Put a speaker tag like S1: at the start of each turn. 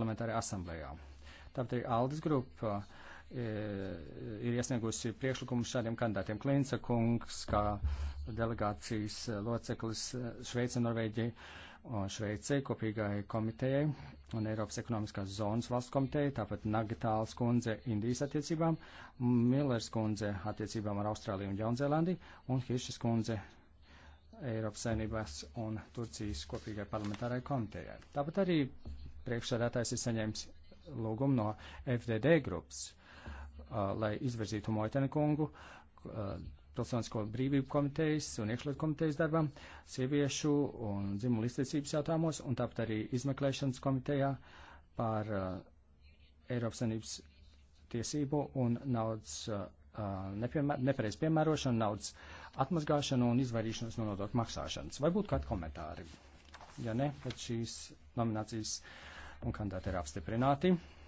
S1: parlamentārajā asamblējā. Tāpat arī Aldis grupa e, e, ir iesniegusi priekšlikumu šādiem kandidātiem. Klinca kungs, kā delegācijas loceklis Šveice, Norvēģija un Šveicē kopīgai komitejai un Eiropas ekonomiskās zonas valsts komitejai, tāpat Nagitāls kundze Indijas attiecībām, Millers kundze attiecībām ar Austrāliju un Jaunzēlandi un Hiršas kundze Eiropas saimnībās un Turcijas kopīgai parlamentārai komitejai. Tāpat arī priekšsēdētājs ir saņēmis lūgumu no FDD grupas, uh, lai izvirzītu Moitena kungu uh, Pilsonisko brīvību komitejas un iekšlietu komitejas darbam, sieviešu un dzimumu līdztiesības jautājumos, un tāpat arī izmeklēšanas komitejā par uh, Eiropas Sanības tiesību un naudas uh, uh nepareiz piemērošanu, naudas atmazgāšanu un izvairīšanos no nodokļu maksāšanas. Vai būtu kādi komentāri? Ja ne, tad šīs nominācijas. Uh, un kandidāti
S2: ir apstiprināti.